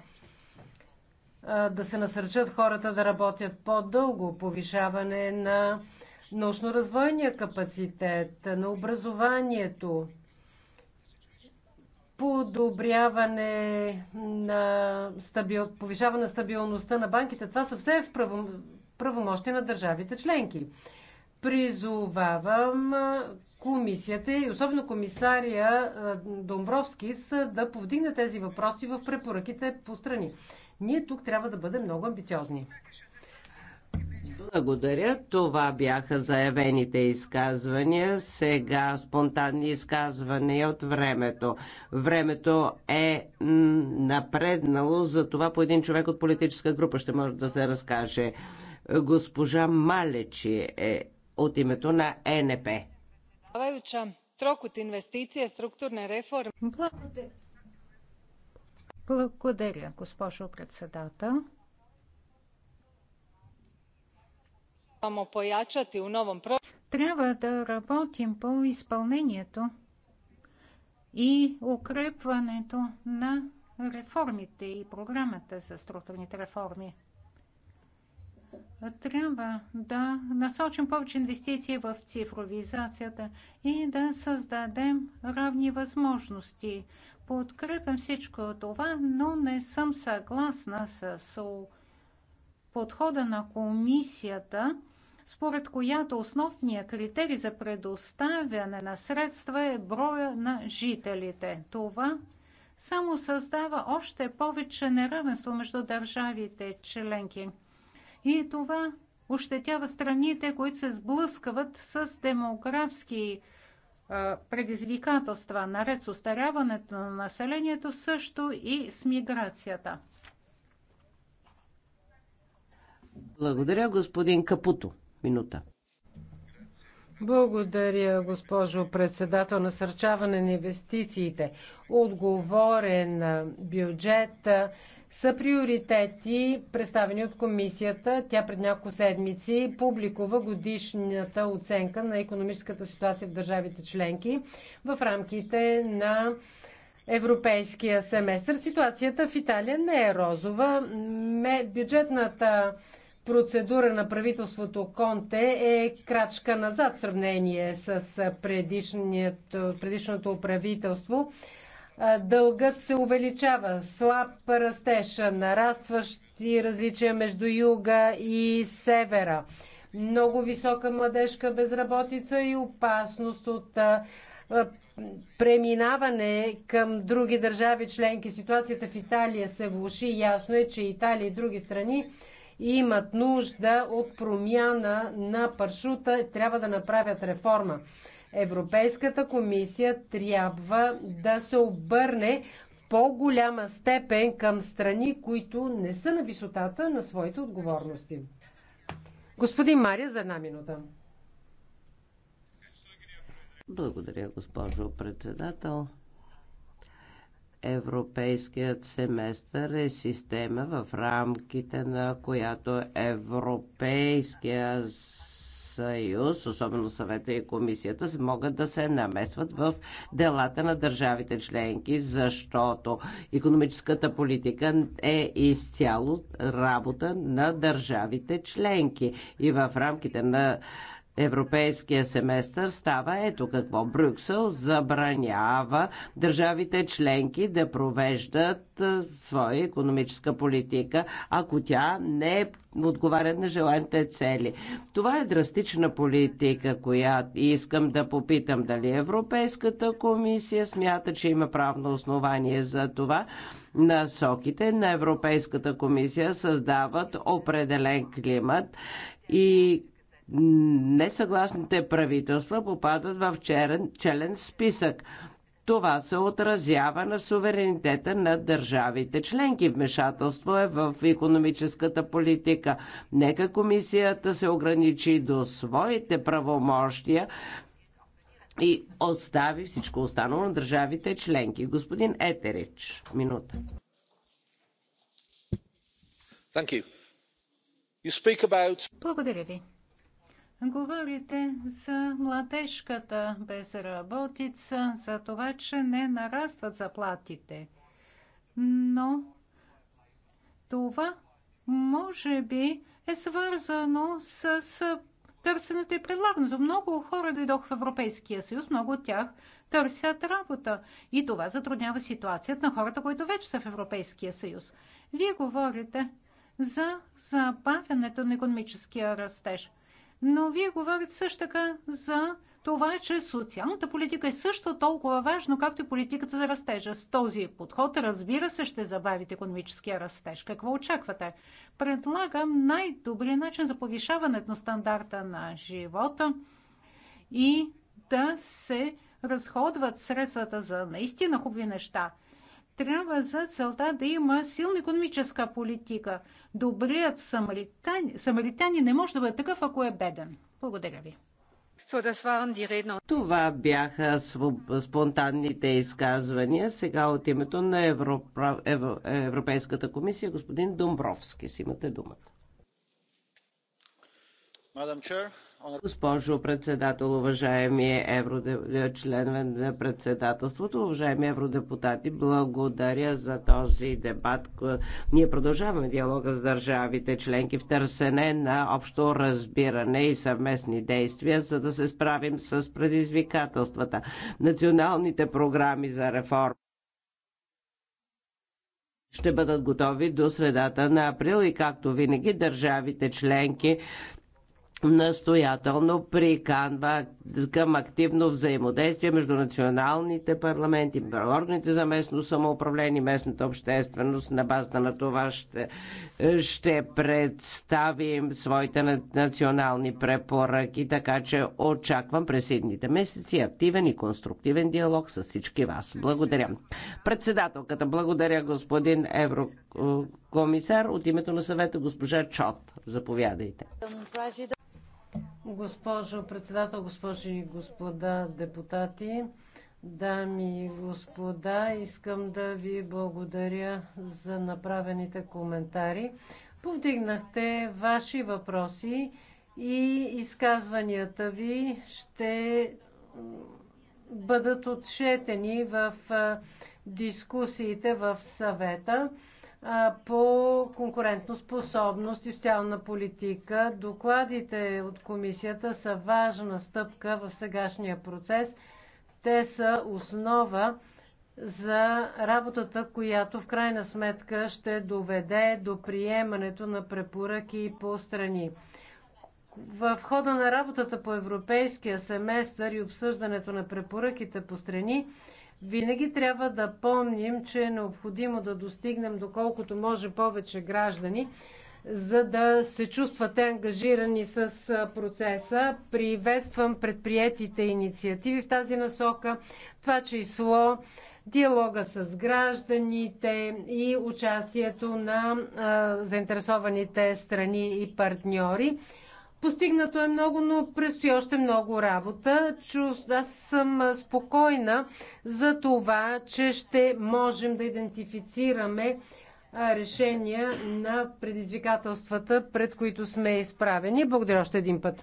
Да се насърчат хората да работят по-дълго, повишаване на научно-развойния капацитет, на образованието, подобряване на стабил... повишаване на стабилността на банките. Това са все в право... правомощи на държавите членки. Призовавам комисията и особено комисария Домбровски да повдигне тези въпроси в препоръките по страни. Ние тук трябва да бъдем много амбициозни. Благодаря. Това бяха заявените изказвания. Сега спонтанни изказвания от времето. Времето е напреднало, за това по един човек от политическа група ще може да се разкаже. Госпожа Малечи е от името на е НП. Трок от инвестиция, структурна реформа. Благодаря. Благодаря, госпожо председател. Трябва да работим по изпълнението и укрепването на реформите и програмата за структурните реформи. Трябва да насочим повече инвестиции в цифровизацията и да създадем равни възможности. Подкрепям всичко това, но не съм съгласна с подхода на комисията според която основният критерий за предоставяне на средства е броя на жителите. Това само създава още повече неравенство между държавите членки. И това ощетява страните, които се сблъскват с демографски предизвикателства, наред с устаряването на населението, също и с миграцията. Благодаря, господин Капуто минута. Благодаря, госпожо председател. Насърчаване на инвестициите, отговорен бюджет са приоритети, представени от комисията. Тя пред няколко седмици публикува годишната оценка на економическата ситуация в държавите членки в рамките на европейския семестър. Ситуацията в Италия не е розова. Бюджетната процедура на правителството Конте е крачка назад в сравнение с предишното правителство. Дългът се увеличава, слаб растеж, нарастващи различия между юга и севера, много висока младежка безработица и опасност от преминаване към други държави членки. Ситуацията в Италия се влуши. Ясно е, че Италия и други страни имат нужда от промяна на паршута, трябва да направят реформа. Европейската комисия трябва да се обърне в по-голяма степен към страни, които не са на висотата на своите отговорности. Господин Мария, за една минута. Благодаря, госпожо председател. Европейският семестър е система в рамките на която Европейския съюз, особено съвета и комисията, могат да се намесват в делата на държавите членки, защото економическата политика е изцяло работа на държавите членки. И в рамките на европейския семестър става ето какво. Брюксел забранява държавите членки да провеждат своя економическа политика, ако тя не е отговаря на желаните цели. Това е драстична политика, която искам да попитам дали Европейската комисия смята, че има правно основание за това. Насоките на Европейската комисия създават определен климат и несъгласните правителства попадат в черен, челен списък. Това се отразява на суверенитета на държавите. Членки вмешателство е в економическата политика. Нека комисията се ограничи до своите правомощия и остави всичко останало на държавите членки. Господин Етерич, минута. Благодаря ви. Говорите за младежката безработица, за това, че не нарастват заплатите. Но това може би е свързано с търсенето и предлагането. Много хора дойдох в Европейския съюз, много от тях търсят работа. И това затруднява ситуацията на хората, които вече са в Европейския съюз. Вие говорите за забавянето на економическия растеж – но вие говорите също така за това, че социалната политика е също толкова важна, както и политиката за растежа. С този подход, разбира се, ще забавите економическия растеж. Какво очаквате? Предлагам най-добрия начин за повишаването на стандарта на живота и да се разходват средствата за наистина хубави неща. Трябва за целта да има силна економическа политика – добрият самаритяни, самаритяни не може да бъде такъв, ако е беден. Благодаря ви. Това бяха спонтанните изказвания. Сега от името на Европейската комисия господин Домбровски. Си имате думата. Госпожо председател, уважаеми членове на председателството, уважаеми евродепутати, благодаря за този дебат. Ние продължаваме диалога с държавите членки в търсене на общо разбиране и съвместни действия, за да се справим с предизвикателствата. Националните програми за реформа ще бъдат готови до средата на април и както винаги държавите членки настоятелно приканва към активно взаимодействие между националните парламенти, органите за местно самоуправление, местната общественост. На базата на това ще, ще представим своите национални препоръки, така че очаквам през едните месеци активен и конструктивен диалог с всички вас. Благодаря. Председателката, благодаря господин Еврокомисар. От името на съвета госпожа Чот, заповядайте. Госпожо председател, госпожи и господа депутати, дами и господа, искам да ви благодаря за направените коментари. Повдигнахте ваши въпроси и изказванията ви ще бъдат отчетени в дискусиите в съвета по способност и социална политика. Докладите от комисията са важна стъпка в сегашния процес. Те са основа за работата, която в крайна сметка ще доведе до приемането на препоръки по страни. В хода на работата по европейския семестър и обсъждането на препоръките по страни, винаги трябва да помним, че е необходимо да достигнем доколкото може повече граждани, за да се чувстват ангажирани с процеса. Приветствам предприетите инициативи в тази насока, това число диалога с гражданите и участието на заинтересованите страни и партньори. Постигнато е много, но предстои още много работа. Чу, аз съм спокойна за това, че ще можем да идентифицираме решения на предизвикателствата, пред които сме изправени. Благодаря още един път.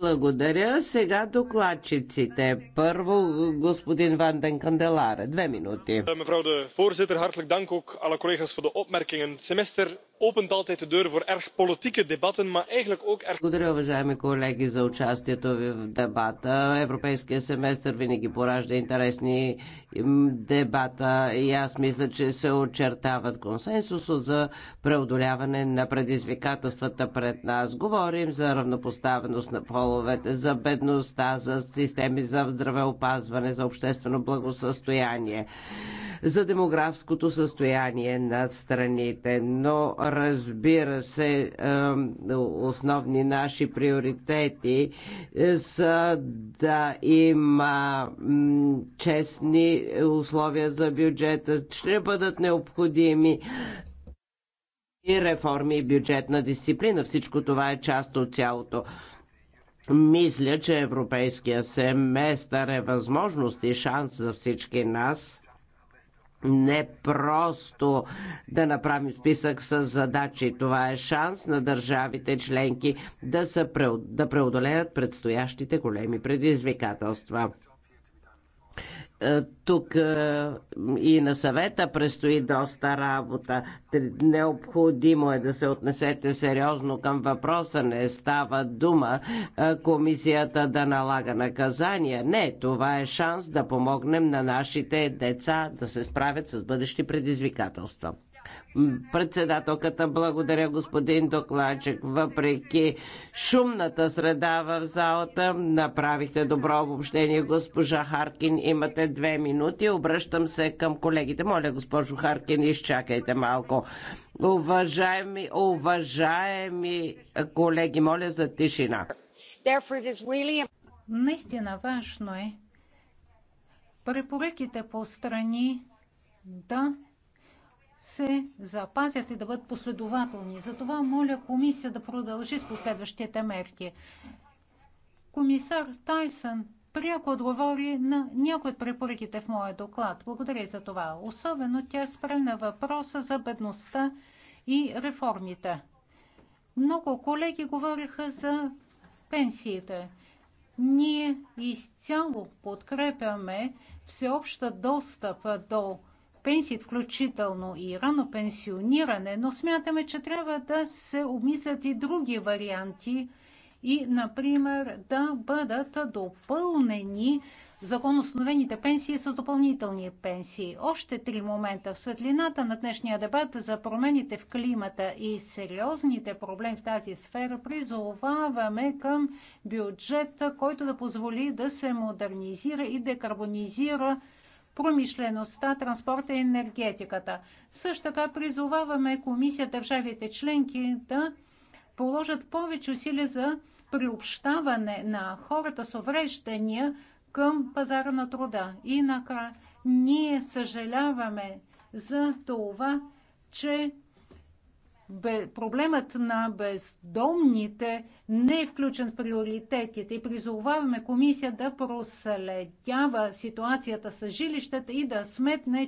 Благодаря. Сега докладчиците. Първо господин Ван Ден Канделаре. Две минути. Мевроу де voorzitter, hartelijk dank ала колега collega's voor de благодаря, уважаеми колеги, за участието ви в дебата. Европейския семестър винаги поражда интересни дебата и аз мисля, че се очертават консенсус за преодоляване на предизвикателствата пред нас. Говорим за равнопоставеност на половете, за бедността, за системи за здравеопазване, за обществено благосъстояние за демографското състояние на страните. Но разбира се, основни наши приоритети е, са да има честни условия за бюджета, ще бъдат необходими и реформи и бюджетна дисциплина. Всичко това е част от цялото. Мисля, че европейския семестър е възможност и шанс за всички нас не просто да направим списък с задачи. Това е шанс на държавите членки да, са, да преодолеят предстоящите големи предизвикателства. Тук е, и на съвета предстои доста работа. Необходимо е да се отнесете сериозно към въпроса. Не става дума е, комисията да налага наказания. Не, това е шанс да помогнем на нашите деца да се справят с бъдещи предизвикателства. Председателката, благодаря господин докладчик. Въпреки шумната среда в залата, направихте добро обобщение. Госпожа Харкин, имате две минути. Обръщам се към колегите. Моля, госпожо Харкин, изчакайте малко. Уважаеми, уважаеми колеги, моля за тишина. Наистина важно е препоръките по страни да се запазят и да бъдат последователни. Затова моля комисия да продължи с последващите мерки. Комисар Тайсън пряко отговори на някои от препоръките в моя доклад. Благодаря за това. Особено тя спре на въпроса за бедността и реформите. Много колеги говориха за пенсиите. Ние изцяло подкрепяме всеобща достъп до пенсии, включително и рано пенсиониране, но смятаме, че трябва да се обмислят и други варианти и, например, да бъдат допълнени законосновените пенсии с допълнителни пенсии. Още три момента в светлината на днешния дебат за промените в климата и сериозните проблеми в тази сфера призоваваме към бюджета, който да позволи да се модернизира и декарбонизира промишлеността, транспорта и енергетиката. Също така призоваваме комисия държавите членки да положат повече усилия за приобщаване на хората с увреждания към пазара на труда. И накрая ние съжаляваме за това, че проблемът на бездомните не е включен в приоритетите и призоваваме комисия да проследява ситуацията с жилищата и да сметне,